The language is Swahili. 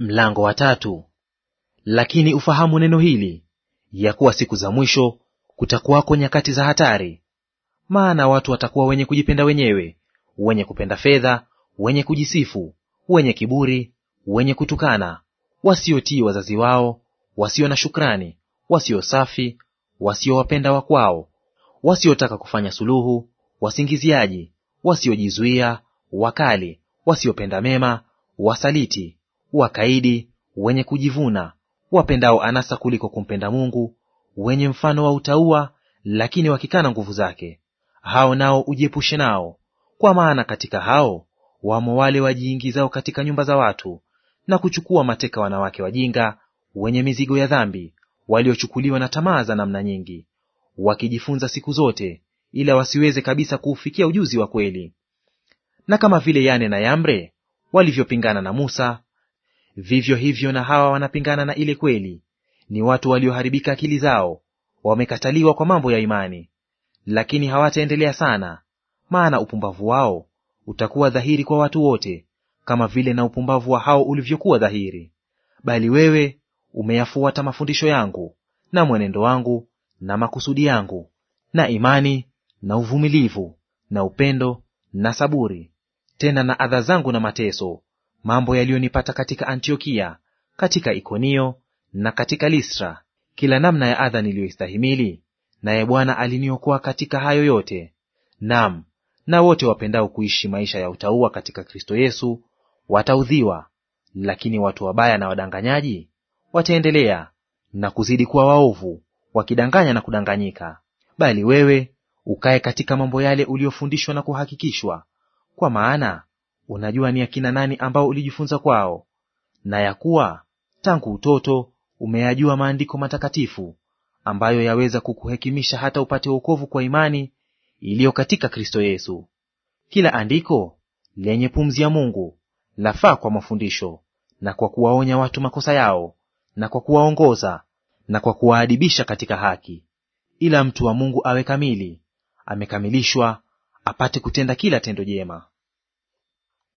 Mlango wa tatu. Lakini ufahamu neno hili, ya kuwa siku za mwisho kutakuwako nyakati za hatari. Maana watu watakuwa wenye kujipenda wenyewe, wenye kupenda fedha, wenye kujisifu, wenye kiburi, wenye kutukana, wasiotii wazazi wao, wasio na shukrani, wasio safi, wasiowapenda wakwao, wasiotaka kufanya suluhu, wasingiziaji, wasiojizuia, wakali, wasiopenda mema, wasaliti wakaidi, wenye kujivuna, wapendao anasa kuliko kumpenda Mungu, wenye mfano wa utaua lakini wakikana nguvu zake. Hao nao ujiepushe nao, kwa maana katika hao wamo wale wajiingizao katika nyumba za watu na kuchukua mateka wanawake wajinga, wenye mizigo ya dhambi, waliochukuliwa na tamaa za namna nyingi, wakijifunza siku zote, ila wasiweze kabisa kuufikia ujuzi wa kweli. Na kama vile Yane na Yambre walivyopingana na Musa, Vivyo hivyo na hawa wanapingana na ile kweli, ni watu walioharibika akili zao, wamekataliwa kwa mambo ya imani. Lakini hawataendelea sana, maana upumbavu wao utakuwa dhahiri kwa watu wote, kama vile na upumbavu wa hao ulivyokuwa dhahiri. Bali wewe umeyafuata mafundisho yangu na mwenendo wangu na makusudi yangu na imani na uvumilivu na upendo na saburi, tena na adha zangu na mateso mambo yaliyonipata katika Antiokia, katika Ikonio na katika Listra, kila namna ya adha niliyoistahimili, naye Bwana aliniokoa katika hayo yote. Naam, na wote wapendao kuishi maisha ya utauwa katika Kristo Yesu wataudhiwa, lakini watu wabaya na wadanganyaji wataendelea na kuzidi kuwa waovu, wakidanganya na kudanganyika. Bali wewe ukae katika mambo yale uliyofundishwa na kuhakikishwa, kwa maana unajua ni akina nani ambao ulijifunza kwao, na ya kuwa tangu utoto umeyajua maandiko matakatifu ambayo yaweza kukuhekimisha hata upate wokovu kwa imani iliyo katika Kristo Yesu. Kila andiko lenye pumzi ya Mungu lafaa kwa mafundisho, na kwa kuwaonya watu makosa yao, na kwa kuwaongoza, na kwa kuwaadibisha katika haki, ila mtu wa Mungu awe kamili, amekamilishwa, apate kutenda kila tendo jema.